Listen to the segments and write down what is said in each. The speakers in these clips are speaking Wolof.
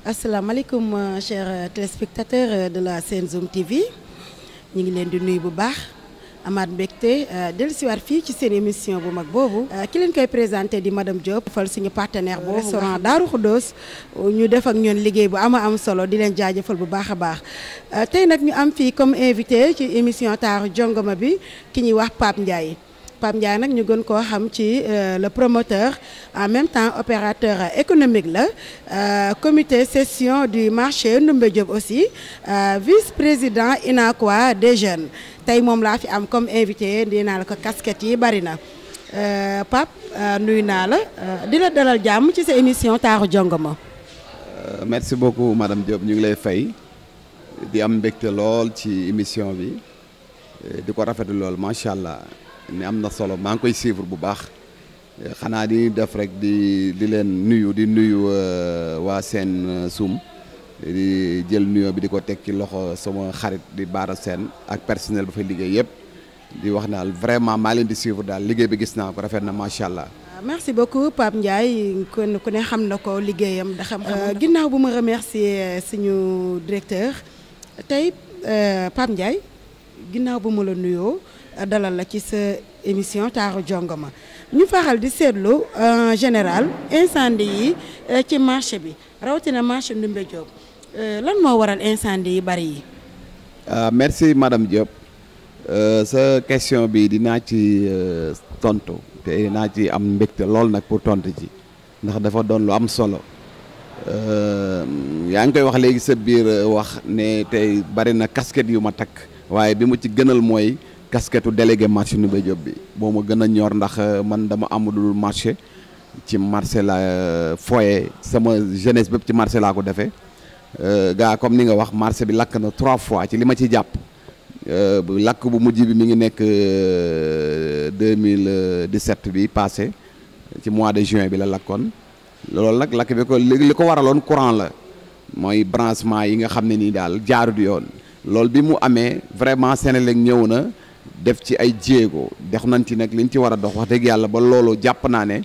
Assalamu asalaamaaleykum euh, chers euh, téléspectateurs euh, de la Senzoom TV ñu ngi leen di nuyu bu baax amaat Delsi dellusiwaat fii ci seen émission bu mag boobu. ki leen koy présenté di madame Diop fal suñu partenaire boobu. restaurant Darou Xuddoos ñu def ak ñoon liggéey bu ama am solo di leen jaajëfal bu baax a baax tey nag ñu am fii comme invité ci émission taaru jongoma bi ki ñuy wax Pape Ndiaye. Pape Ndiaye nak ñu gën ko xam ci euh, le promoteur en même temps opérateur économique la euh, comité session du marché Ndoumbé Diop aussi euh, vice-président UNACOIS des jeunes tay mom la fi am comme invité dina la ko casquette yi bari na Pape nuy na la di la dalal jamm ci sa émission taru jongoma merci beaucoup madame Diop ñu ngi lay fay di am mbégte lool ci émission bi di ko rafetlu lool machallah ni amna solo maa ngi koy suivre bu baax xana di def rek di di len nuyu di nuyu euh, wa seen euh, sum di jël nuyoo bi diko ko ci loxo sama xarit di bara seen ak personnel ba fa liggéey yëpp di wax daal vraiment maa leen di suivre daal liggéey bi gis naa ko rafet na machallah ah, merci beaucoup pap Ndiaye kon ku ne xam na ko liggéeyam da xam euh, ginnaaw bu ma remercier suñu directeur tey pap Ndiaye ginnaaw bu ma la nuyoo. dalal la ci sa émission taaru jongoma ñu faral di seetlu en général incendie yi euh, ci marché bi rawatina marché Ndoumbé Diop euh, lan moo waral incendie yi bari yi. Ah, merci madame Diop euh, sa question bi dinaa ci tontu te naa ci am mbégte lool nag pour tontu ci ndax dafa doon lu am solo. yaa ngi koy wax léegi sa biir wax ne tey bari na casquette yu ma takk waaye bi mu ci gënal mooy kasketu délégué marché Ndoumbé Diop bi bo mo gëna ñor ndax euh, man dama amulul marché ci marché la euh, foye sama jeunesse bépp ci marché la ko défé euh gaa comme ni nga wax marché bi lak na 3 fois ci lima ma ci jàpp euh, lakk bu mujj bi mi ngi nek 2017 bi passé ci mois de juin bi la lakone lool nak lak bi ko li ko waraloon courant la moy branchement yi nga xamné ni dal daal jaarut yoon lool bi mu amé vraiment Senelec ñëw na def ci ay jéego def nañ ci nag liñ ci war a dox wax dëgg yàlla ba loolu jàpp naa ne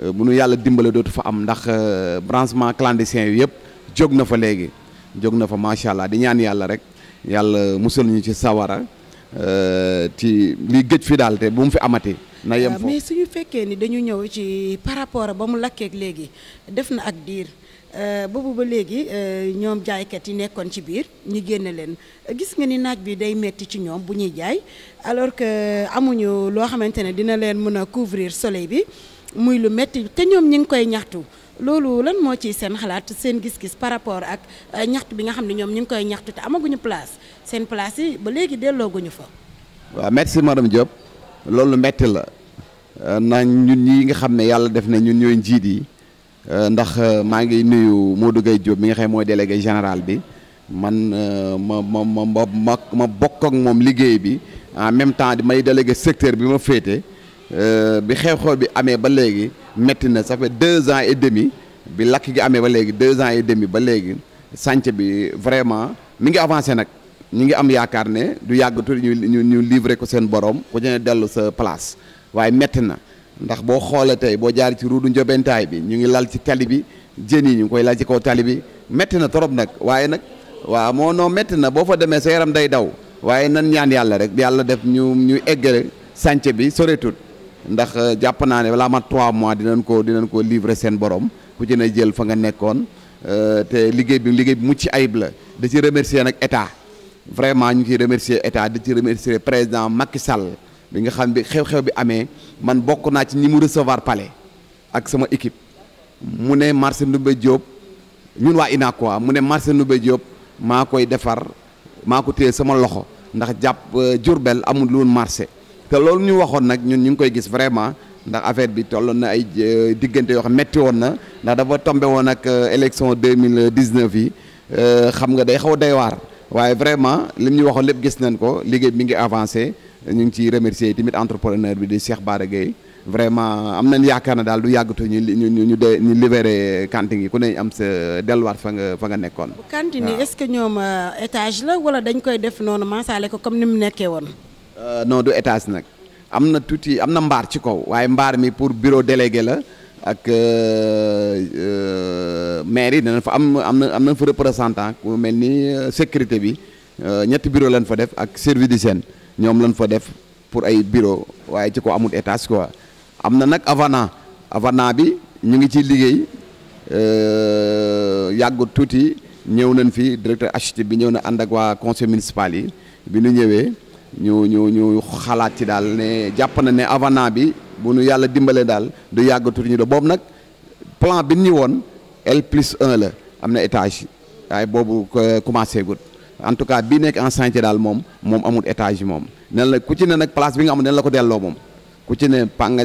euh, bu nu yàlla dimbale dootu fa am ndax euh, branchement clandestin yu yëpp jóg na fa léegi jóg na fa macha allah di ñaan yàlla rek yàlla musal ñu ci sawara euh, ci liy gëj fi daal te bu mu fi amati. na yem foofu mais suñu fekkee ni dañu ñëw ci par rapport ba mu lakkeek léegi def na ak diir. Euh, boobu ba léegi euh, ñoom jaaykat yi nekkoon ci biir ñu génne leen gis nga ni naaj bi day metti ci ñoom bu ñuy jaay alors que amuñu loo xamante ne dina leen mën a couvrir soleil bi muy lu metti te ñoom ñu ngi koy ñaxtu loolu lan moo ciy seen xalaat seen gis-gis par rapport ak euh, ñaxtu bi nga xam ne ñoom ñu ngi koy ñaxtu te amaguñu place seen place yi ba léegi dellooguñu fa. waaw merci madame Diop loolu metti la nañ ñun ñi nga xam ne yàlla def na ñun ñooy yi. Euh, ndax euh, ma ngi nuyu Modou Gueye Diop mi nga xam mooy délégué général bi man euh, ma ma ma ma ma bokk ak moom liggéey bi en même temps di may délégué secteur bi ma féete bi xew-xew bi amee ba léegi metti na ça fait deux ans et demi bi lakk gi amee ba léegi deux ans et demi ba léegi sànc bi vraiment mi ngi avancé nag ñu ngi am yaakaar ne du yàgg tuuti ñu ñu ñu livré ko seen borom ku ci ne dellu sa place waaye metti na. ndax boo xoolee tey boo jaar ci ruudu njobentaay bi ñu ngi lal ci tali bi jën yi ñu ngi koy lal ci kaw tali bi métti na trop nag waaye nag waaw moo noo métti na boo fa demee sa yaram day daw waaye nan ñaan yàlla rek yàlla def ñu ñu eggale sànce bi soreetut ndax euh, jàpp naa ne balaa mat trois mois dinañ ko dinañ ko livrer seen borom ku ci ne jël fa nga nekkoon euh, te liggéey bi liggéey bi mucc ayib la da ci remercier nag état vraiment ñu ngi remercier état da ci remercier président Macky Sall bi nga xam bi xew-xew bi amee man bokk naa ci ñi mu recevoir palais ak sama équipe mu ne marché Ndoumbé Diop ñun waa INA quoi mu ne marché Ndoumbé Diop maa koy defar maa ko téye sama loxo ndax jàpp euh, Diourbel amul lu marché te loolu ñu waxoon nag ñun ñu ngi koy gis vraiment ndax affaire bi tolloon na ay euh, diggante yoo xam metti woon na ndax dafa tombé woon ak euh, élection 2019 yi xam nga day xaw a doy waar waaye vraiment li ñu waxoon lépp gis nañ ko liggéey mi ngi avancé ñu ngi ciy remercier tamit entrepreneur bi di Cheikh Bara Gueye vraiment am nañ yaakaar ne daal du yàggatu ñu ñu ñu de ñu libéré kanti gi ku ne am sa delluwaat fa nga fa nga nekkoon. waaw cantine yi est-ce que ñoom euh, étage la wala dañ koy def noonu masaale ko comme ni mu nekkee woon. Euh, non du étage nag am na tuuti am na mbaar ci kaw waaye mbaar mi pour bureau délégué la. ak euh, maire yi dana fa am am na am na fa représentant ku mel ni sécurité bi ñetti bureau lañ fa def ak service d'hygiène ñoom lañ fa def pour ay bureau waaye ci ko amul étage quoi am na nag Havana Havana bi ñu ngi ciy liggéey euh, yàggut tuuti ñëw nañ fi directeur HT bi ñëw na ànd ak waa conseil municipal yi bi ñu ñëwee ñu ñu ñu xalaat ci daal ne jàpp na ne Havana bi bu nu yàlla dimbalee daal du yàgg tuuti ñu do boobu nag plan bi ñu woon L plus la am na étage waaye boobu euh, commencé gut en tout cas bii nekk en chantier daal moom moom amul étage yi moom nen la ku ci ne bi nga amoon nen ko delloo moom ku ci ne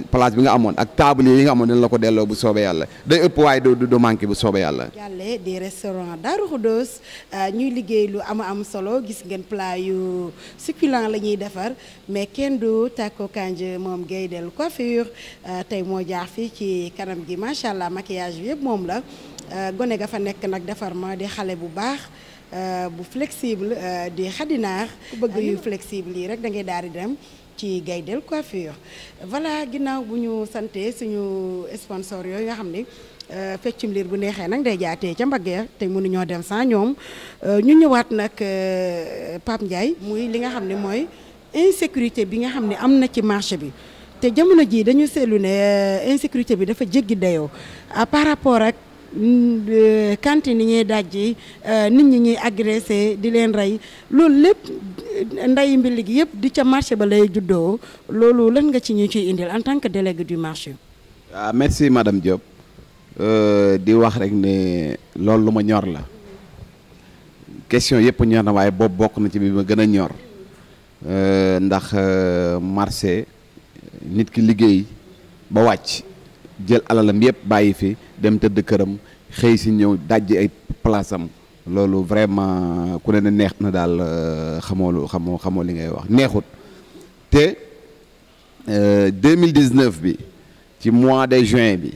place bi nga amoon ak table yi nga amoon nen la ko delloo bu soobee yàlla day ëpp waaye du du manqué bu soobee yàlla. jàllee di restaurant Darou Khoudoss euh, ñuy liggéey lu am am solo gis ngeen plat yu succulent la ñuy defar mais kenn du tàkko kànj moom Gaydel coiffure euh, tey moo jaar fii ci kanam gi macha allah maquillage bi yëpp moom la euh, gone ga fa nekk nag defar di xale bu baax. Euh, bu flexible euh, di xadinaar ku bëgg euh, yu flexible yi rek da ngay daal di dem ci Gaydel coiffure voilà ginnaaw bu ñu sante suñu sponsor yooyu nga xam ni feccum liir bu neexee nag day jaatee ca mbaggee te mënuñoo dem saa ñoom ñu ñëwaat nag Pape Ndiaye muy li nga xam ne mooy insécurité bi nga xam ne am na ci marché bi te jamono jii dañu seetlu ne insécurité bi dafa jéggi dayoo ah, par rapport ak Euh, cantine ni ñuy dajji euh, nit ñi ñuy agressé di leen rey loolu lépp euh, nday mbilli gi yëpp di ca marché ba lay juddoo loolu lan nga ci ñu ciy indil en tant que délégué du marché. waaw ah, merci madame Diop di wax rek ne loolu lu ma ñor la question yëpp ñor na waaye boobu bokk na ci bi ma gën a ñor ndax marché nit ki liggéey ba wàcc. jël alalam yëpp bàyyi fi dem tëdd këram xëy si ñëw dajji ay place am loolu vraiment ku ne ne neex na daal euh, xamoo lu xamoo xamoo li ngay wax neexut te 2019 euh, bi ci mois de juin bi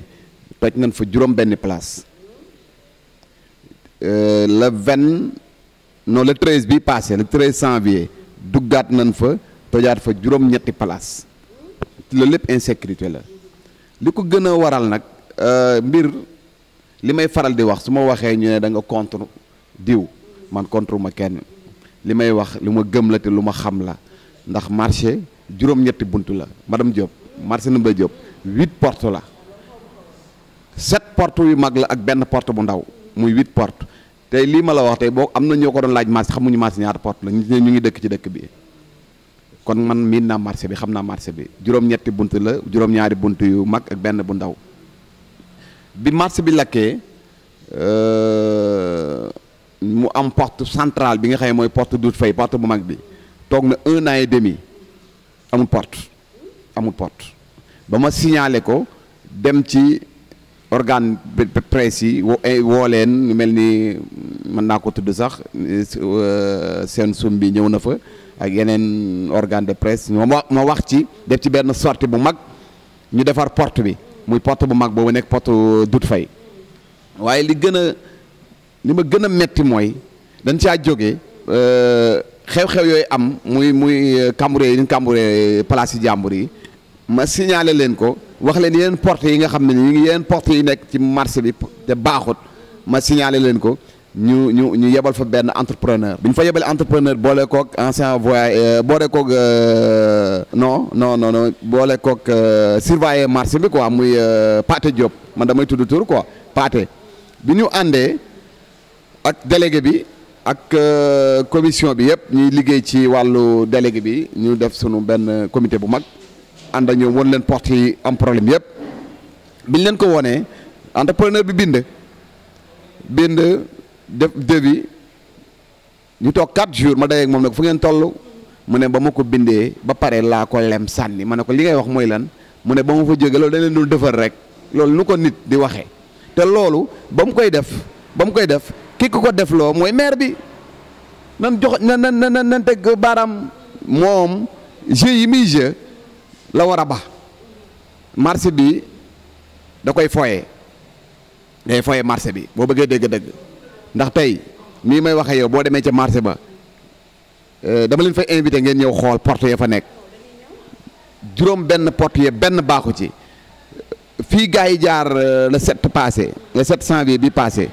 toj nañ fa juróom benn place euh, le 20 non le 13 bi passé le 13 janvier duggaat nañ fa tojaat fa juróom-ñetti place loolu lépp insécurité la li ko gën a waral nag euh, mbir li may faral di wax su ma waxee ñu ne da nga contre diw man contre ma kenn li may wax lu ma gëm la te lu ma xam la ndax marché juróom-ñetti bunt la madame Diop marché ba Diop huit porte la sept porte yu mag la ak benn porte bu ndaw muy huit porte tey lii ma la wax tey boo am na ñoo ko doon laaj marché xamuñu marché ñaata porte la ñu ngi dëkk ci dëkk bi kon man miin naa marché bi xam naa marché bi juróom-ñetti bunt la juróom-ñaari bunt yu mag ak benn bu ndaw bi marché bi lakkee euh, mu am porte centrale bi nga xam ne mooy porte Doudou Faye porte bu mag bi toog na un an demi amul porte amul porte ba ma signalé ko dem ci organe presse yi eh, woo leen mel ni mën naa ko tudd sax seen euh, sum bi ñëw na fa ak yeneen organe de presse ma ma wax ci def ci benn sortie bu mag ñu defar porte bi muy port bu mag boobu nekk porte dut fay waaye li gën a li ma gën a metti mooy dañ caa jógee euh, xew-xew yooyu am muy muy euh, cambré yi ñu cambré euh, place jàmbur yi ma leen ko wax leen yeneen porte yi nga xam ne ñu ngi yeneen port yi nekk ci marché bi te baaxut ma signalé leen ko ñu ñu ñu yebal fa benn entrepreneur bi ñu fa yebal entrepreneur boole kook ancien voie euh, boole no euh, non non non non boole kook euh, surveiller marché bi quoi muy Pate Diop man damay tudd tur quoi Pate bi ñu àndee ak délégué bi ak commission bi yëpp ñuy liggéey ci wàllu délégué bi ñu def sunu benn comité bu mag ànd ak ñoom won leen porte yi am problème yëpp biñ leen ko wonee entrepreneur bi bind bind. def devis ñu toog quatre jours ma day ak mom nak fu ngeen tollu mu ne ba ma ko ba paré la ko lem sanni ma ko li ngay wax moy lan mu ne ba ma fa jóge loolu dañ leen dul defar rek loolu nuko nit di waxé té loolu ba mu koy def ba mu koy def ki ko ko def lo moy maire bi nan jox nan nan nan nan teg baaraam moom yi mi jeu la wara ba marché bi da koy foyé day foyé marché bi bo bëggé dégg-dégg ndax tey nii may waxee yow boo demee ci marché ba euh, dama leen fa invité ngeen ñëw xool porte ya fa nekk juróom benn porte ya benn baaxu ci fii gars yi jaar euh, le sept passé le sept janvier bi passé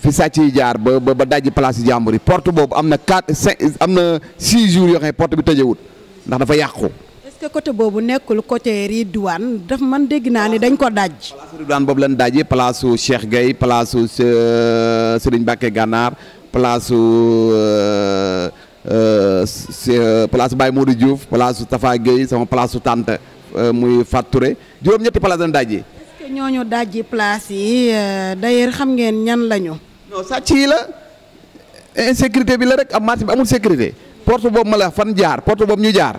fi sàcc yi jaar ba ba dajji place yi yi porte boobu am na quatre cinq am na six jours yoo xam ne porte bi tëjewut ndax dafa yàqu que côté boobu nekkul côté Ridouane daf man dégg naa ne dañ ko daj. place Ridouane boobu lañ dajee place su Cheikh Gueye place su euh, Serigne Mbacké Ganaar place su euh, euh, place su Baye Modou Diouf su Tafa Gueye sama place su Tante muy Faturé juróom-ñetti place lañ dajee. est-ce que ñooñu dajji yi d'ailleurs xam ngeen ñan lañu. non sàcc yi la insécurité bi la rek am marché bi amul sécurité porte boobu ma la fan jaar porte boobu ñu jaar.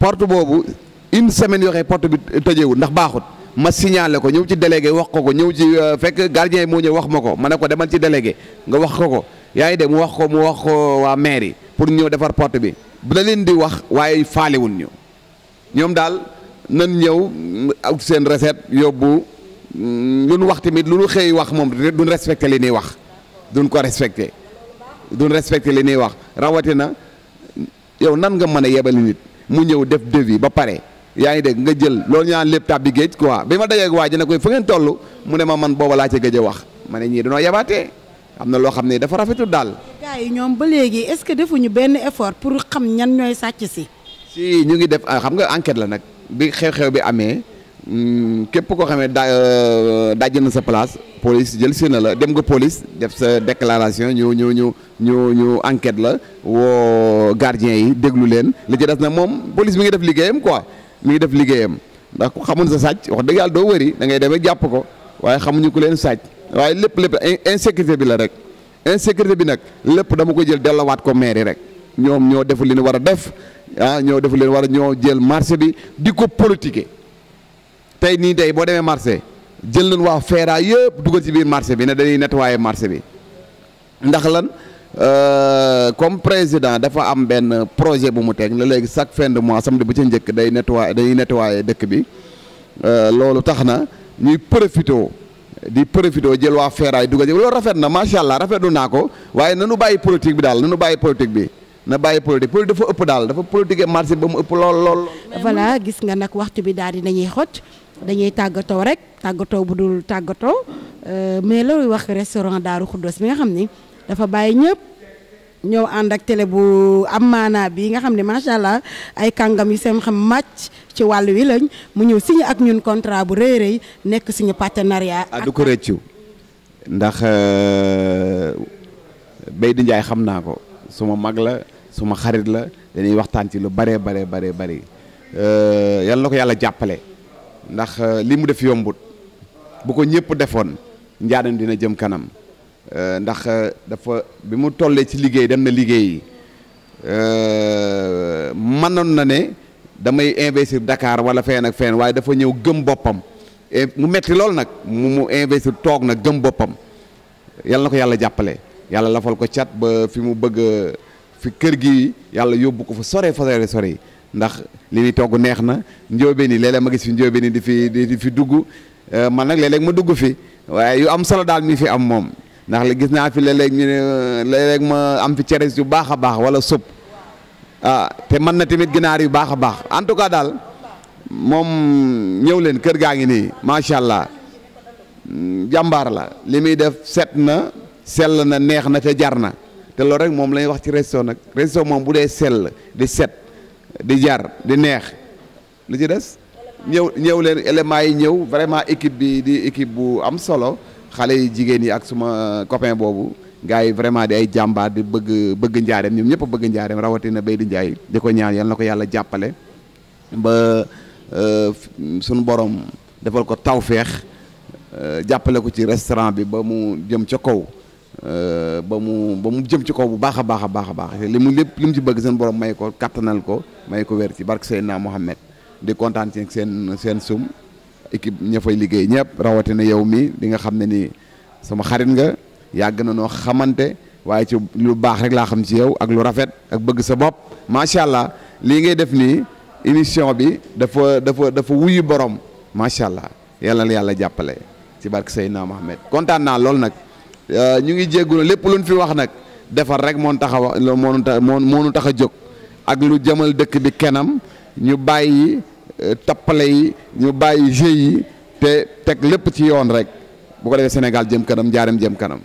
porte boobu une semaine yoo xam ne porte bi tëjeewul ndax baaxut ma signalé ko ñëw ci délégué wax ko ko ñëw ci euh, fekk gardien yi moo ñëw wax ma ko ma ne ko demal ci délégué nga wax ko ko yaa ngi dem mu wax ko mu wax ko waa maire yi pour ñëw defar porte bi bu la leen di wax waaye faalewun ñu ñoom daal nan ñëw ak seen recette yóbbu mm, lu nu wax tamit lu nu xëy wax moom duñ respecté li ñuy wax duñ ko respecté duñ respecté li ñuy wax rawatina yow nan nga mën a yebali nit mu ñëw def yi ba pare yaa ngi dégg nga jël loolu ñu naan lépp tàbbi géej quoi bi ma dajee ak waa ji ne koy fu ngeen toll mu ne ma man booba laa ca géej wax ma ne ñii dañoo yabaatee am na loo xam ne dafa rafetul daal. gars yi ñoom ba léegi est-ce que defuñu benn effort pour xam ñan ñooy sàcc si. si ñu ngi def ah, xam nga enquête la nag bi xew-xew bi amee. Hmm, képp koo xamee da euh, daj na sa place police jël si la dem nga police def sa déclaration ñu ñu ñu ñu ñu enquête la woo gardien yi déglu leen li ci des na mom police mi ngi def liggéeyam quoi mi ngi def liggéeyam ndax ku xamul sa sàcc wax dëgg yàlla doo wëri da ngay demee jàpp ko waaye xamuñu ku leen sàcc waaye lépp lépp insécurité bi la rek insécurité bi nag lépp dama ko jël dellowaat ko mairie rek ñoom ñoo deful li ñu war def ah ñoo deful li ñu war ñoo jël marché bi di ko politiquer tey nii tey boo demee marché jël nañ waa feera yëpp dugal ci biir marché bi ne dañuy nettoyer marché bi ndax lan euh, comme président dafa am benn projet bu mu teg na léegi chaque fin de mois samedi bu ca njëkk day nettoyer dañuy nettoyer dëkk bi euh, loolu tax na ñuy profitoo di profitoo jël waa feeraay dugal ci loolu rafet na macha allah rafetlu naa ko waaye nanu bàyyi politique bi daal nanu bàyyi politique bi na bàyyi politique politique dafa ëpp daal dafa politique marché ba mu ëpp lool lool. gis nga nag waxtu bi daal di nañuy xot dañuy tàggatoo rek tàggatoo bu dul tàggatoo euh, mais loolu wax restaurant Daaru Xuddos bi nga xam ni dafa bàyyi ñëpp ñëw ànd ak télé bu am maanaa bi nga xam ne macha allah ay kàngam yu seen xam màcc ci wàll wi lañ mu ñëw signé ak ñun contrat bu rëy rëy nekk suñu partenariat. ak du ko rëccu ndax euh, Baydi Ndiaye xam naa ko suma mag la suma xarit la dañuy waxtaan ci lu bare bare bare bari euh, yal na ko yàlla jàppale. ndax euh, li mu def yombut bu ko ñëpp defoon njaaram dina jëm kanam euh, ndax euh, dafa bi mu tollee ci liggéey dem na liggéey mënoon na ne damay investir Dakar wala fenn ak fenn waaye dafa ñëw gëm boppam mu metti lool nag mu mu investir toog nag gëm boppam yal na ko yàlla jàppale yàlla lafal ko cat ba fi mu bëgg fi kër gi yàlla yóbbu ko fa sore fa sore sore ndax li muy togg neex na njóobeen yi léeg ma gis fi njóobeen yi di fi di fi dugg euh, man nag léeg ma dugg fi waaye yu am solo daal mi fi am moom ndax li gis naa fi léeg-léeg ñu ne léeg-léeg ma am fi cere yu baax a baax wala supp ah te mën na tamit ginaar yu baax a baax en tout cas daal moom ñëw leen kër gaa ngi nii macha allah hmm, jàmbaar la li muy def set na sel na neex na te jar na te loolu rek moom la wax ci resto nag resto moom bu dee sell di set. di jar di neex lu ci des ñëw ñëw leen éléments yi ñëw vraiment équipe bi di équipe bu am solo xale yi jigéen yi ak suma euh, copain boobu gars yi vraiment di ay jàmbaar di bëgg bëgg njaareem ñoom ñëpp bëgg njaareem rawatina di Njaay di ko ñaan yal na ko yàlla jàppale ba euh, suñu borom defal ko tawféex euh, jàppale ko ci restaurant bi ba mu jëm ca kaw Euh, ba mu ba mu jëm ci kaw bu baax a baax a baax a baax li mu lépp li mu ci bëgg seen borom may ko kattanal ko may ko wér ci barke Seydina Mohamed di kontaan ci seen seen sum équipe ña fay liggéey ñëpp rawatina yow mi di nga xam ne ni sama xarit nga yàgg na noo xamante waaye ci lu baax rek laa xam ci yow ak lu rafet ak bëgg sa bopp macha allah lii ngay def nii émission bi dafa dafa dafa wuyu borom macha allah yàlla na yàlla jàppale ci barke Seydina Mohamed kontaan naa lool nag. Euh, ñu ngi jéggulu lépp luñ fi wax nag defar rek moon tax a wax moonu tax moonu tax a jóg ak lu jamal dëkk bi kenam ñu bàyyi euh, tappale yi ñu bàyyi jeu yi te teg lépp ci yoon rek bu ko defee Sénégal jëm kanam njaareem jëm kanam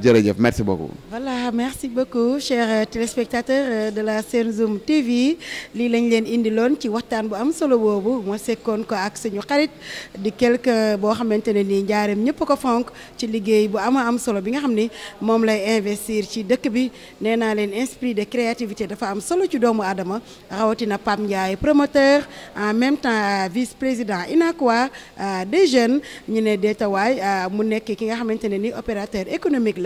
jërëjëf merci beaucoup. voilà merci beaucoup chers euh, téléspectateurs euh, de la Senzoom TV lii lañ leen indiloon ci waxtaan bu am solo bobu, mo sekkoon ko ak suñu xarit di quelque euh, bo xamante ni nii njaareem ñëpp ko fonk ci liggéey bu ama am solo bi nga xam mom lay investir ci dëkk bi Néna leen esprit de créativité dafa am solo ci doomu aadama rawatina Pam Ndiaye promoteur en même temps vice-président UNACOIS des jeunes ñu ne deetawaay mu nekk ki nga xamante ni opérateur économique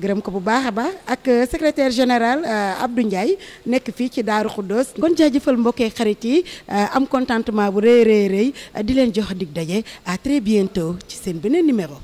gërëm ko bu baax a baax ak euh, secrétaire général euh, Abdou Ndiaye nekk fii ci Daaru Xuddoos kon jaajëfal mbokkee xarit yi euh, am contentement bu rëy rëy rëy di leen jox dig daje à très bientôt ci seen beneen numéro